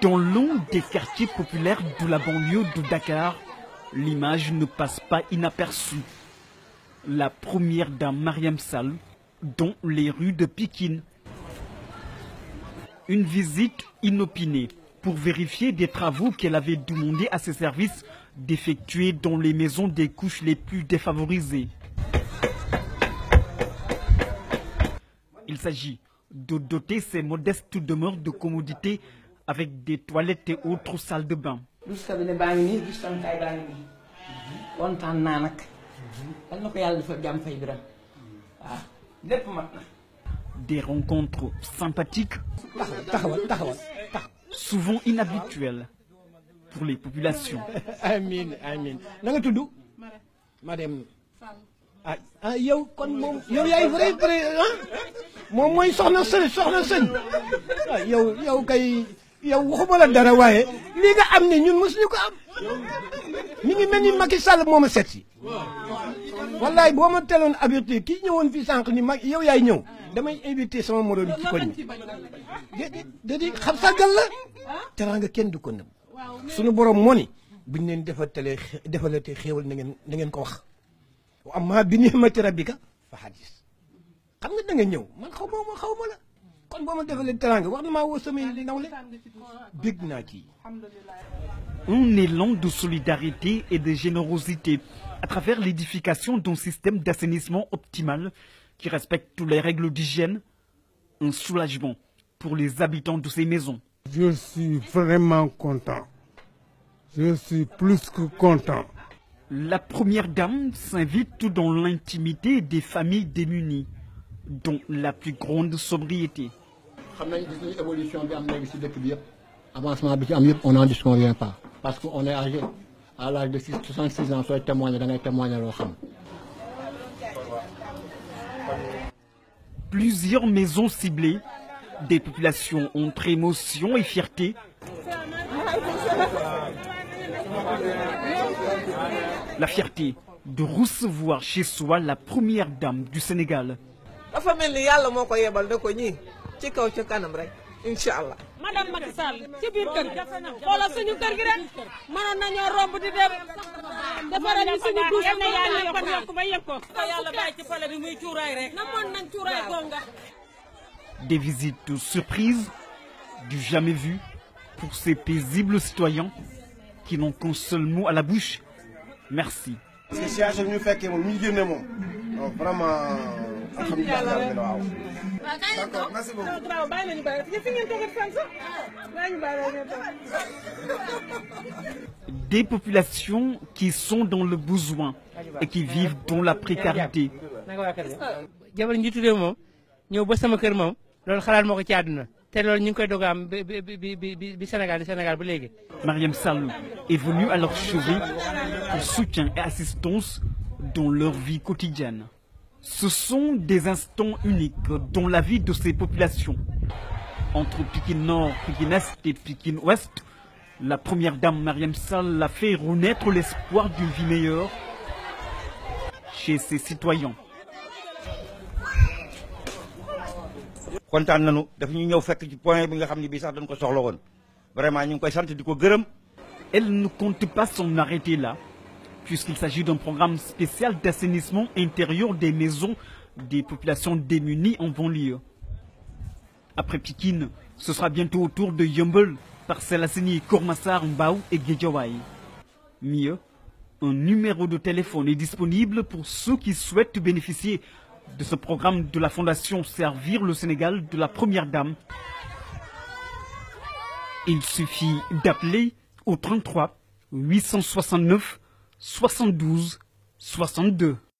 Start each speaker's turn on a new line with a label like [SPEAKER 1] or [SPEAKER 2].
[SPEAKER 1] Dans l'un des quartiers populaires de la banlieue de Dakar, l'image ne passe pas inaperçue. La première dame Mariam Sall, dans les rues de Pékin. Une visite inopinée pour vérifier des travaux qu'elle avait demandé à ses services d'effectuer dans les maisons des couches les plus défavorisées. Il s'agit de doter ces modestes demeures de commodités avec des toilettes et autres salles de bain. des rencontres sympathiques. souvent inhabituelles pour les populations. Amen, ah, ah, madame. yow waxuma la dara waaye lii nga am ne ñun mosuñu ko am mi ngi mel ni Macky Sall moo ma seet si wallaay boo ma teloon avertir kii ñëwoon fii sànq ni mag yow yaay ñëw damay invité sama moroom ci koñ mi da di xam sàggal la teraanga kenn du ko nëb suñu borom moo ni buñ leen defatalee defalatee xéewal na ngeen na ngeen ko wax wa amma bi ni'mati rabbika fa hadis xam nga da nga ñëw man xaw ma xaw ma On est élan de solidarité et de générosité à travers l'édification d'un système d'assainissement optimal qui respecte toutes les règles d'hygiène, un soulagement pour les habitants de ces maisons. Je suis vraiment content. Je suis plus que content. La première dame s'invite tout dans l'intimité des familles démunies, dont la plus grande sobriété xam nañ évolution bi am léegi dëkk bi avancement bi ci am yëpp on n'en disconvient pas parce que on est âgé à l'âge de 66 ans sooy témoin. da ngay témoigner loo xam. Plusieurs maisons ciblées, des populations entre émotion et fierté. La fierté de recevoir chez soi la première dame du Sénégal. La famille, ko ci kaw ci kanam rek incha madame Macky ci bir kër gi suñu kër gi rek mënoon nañoo romb di dem defara ni suñu douche am na ko yokk ba yëg ko. yàlla bay ci pale bi muy ciuray rek. namoon nañ ciuray gonga. Des visites surprises du jamais vu pour ces paisibles citoyens qui n'ont qu'un seul mot à la bouche merci. parce que situation bi ñu fekkee moom mi ngi génne moom vraiment. Des populations qui sont dans le besoin et qui vivent dans la précarité. Mariam Salou est venue à leur chevet pour soutien et assistance dans leur vie quotidienne. Ce sont des instants uniques dans la vie de ces populations. Entre Pékin Nord, Pékin Est et Pékin Ouest, la première dame Mariam Sall a fait renaître l'espoir d'une vie meilleure chez ses citoyens. vraiment Elle ne compte pas s'en arrêter là puisqu'il s'agit d'un programme spécial d'assainissement intérieur des maisons des populations démunies en banlieue. Après Pikine, ce sera bientôt au tour de Yombol, assainie Kormassar, Mbaou et Gedjawai. Mieux, un numéro de téléphone est disponible pour ceux qui souhaitent bénéficier de ce programme de la Fondation Servir le Sénégal de la Première Dame. Il suffit d'appeler au 33 869 72 62